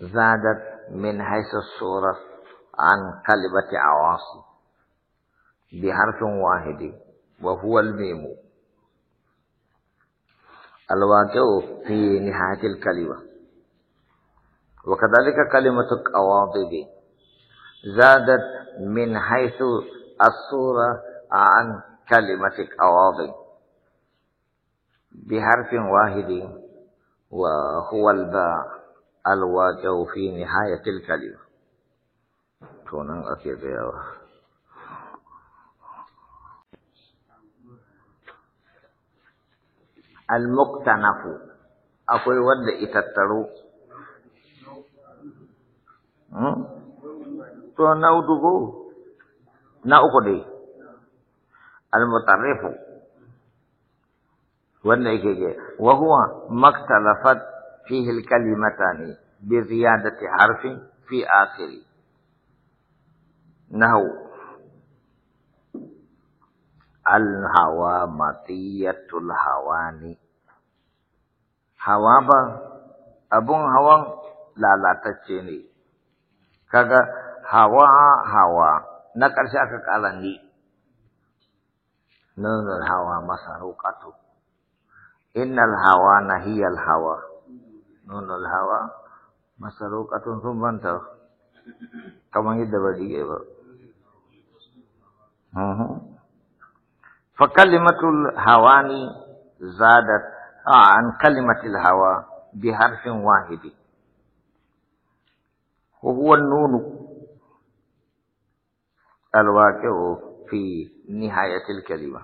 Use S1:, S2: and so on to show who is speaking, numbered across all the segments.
S1: زادت من حيث الصورة عن قلبة عواصي بحرف واحد وهو الميم الواقع في نهاية الكلمة وكذلك كلمة القواضب زادت من حيث الصورة عن كلمة قواضب بحرف واحد وهو الباء alwaƙau fi ni hayatul kalima to nan ake tsayawa almuktanafu akwai wadda itattaro hmm? to na udugo na uku dai almutarifu wanda yake ke wahuwa maktalafat فيه الكلمتان بزيادة حرف في آخره نهو الهوى مطية الهوان هوا با أبون هوا لا لا تجيني كذا هوا هوا نكر شاكا على ني نون الهوى مسروقة إن الهوى هي الهوى نون الهوى مسروقة ثم انتهى كما يدبري فكلمة الهوان زادت عن كلمة الهوى بحرف واحد وهو النون الواقع في نهاية الكلمة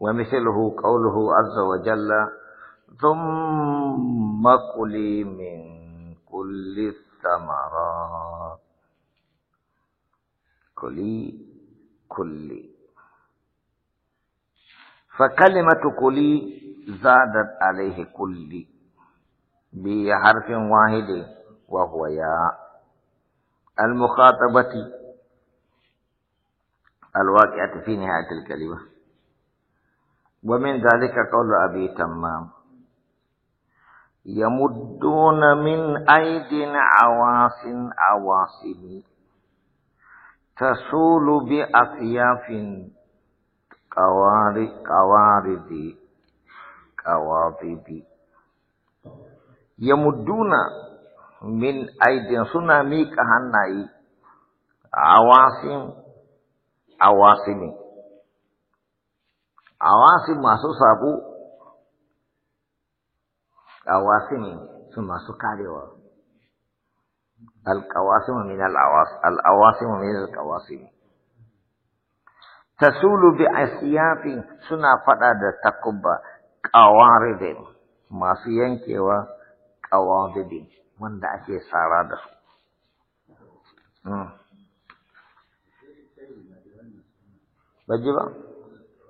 S1: ومثله قوله عز وجل ثم كلي من كل الثمرات كلي كلي فكلمة كلي زادت عليه كلي بحرف واحد وهو يا المخاطبة الواقعة في نهاية الكلمة ومن ذلك قول أبي تمام يمدون من أيد عواص عواصم تسول بأطياف قوارد قوارد قواطب يمدون من أيد سنة ميك هنائي عواصم عواصم عواصم ما سو al ƙawasimi su masu karewa alƙawasimu min al'awasimu min alƙawasimi tasulu bi Asiyafi suna faɗa da takubba ƙawaridin masu yankewa ƙawaridin wanda ake tsara da su Hmm. Bajiba? Bajiba?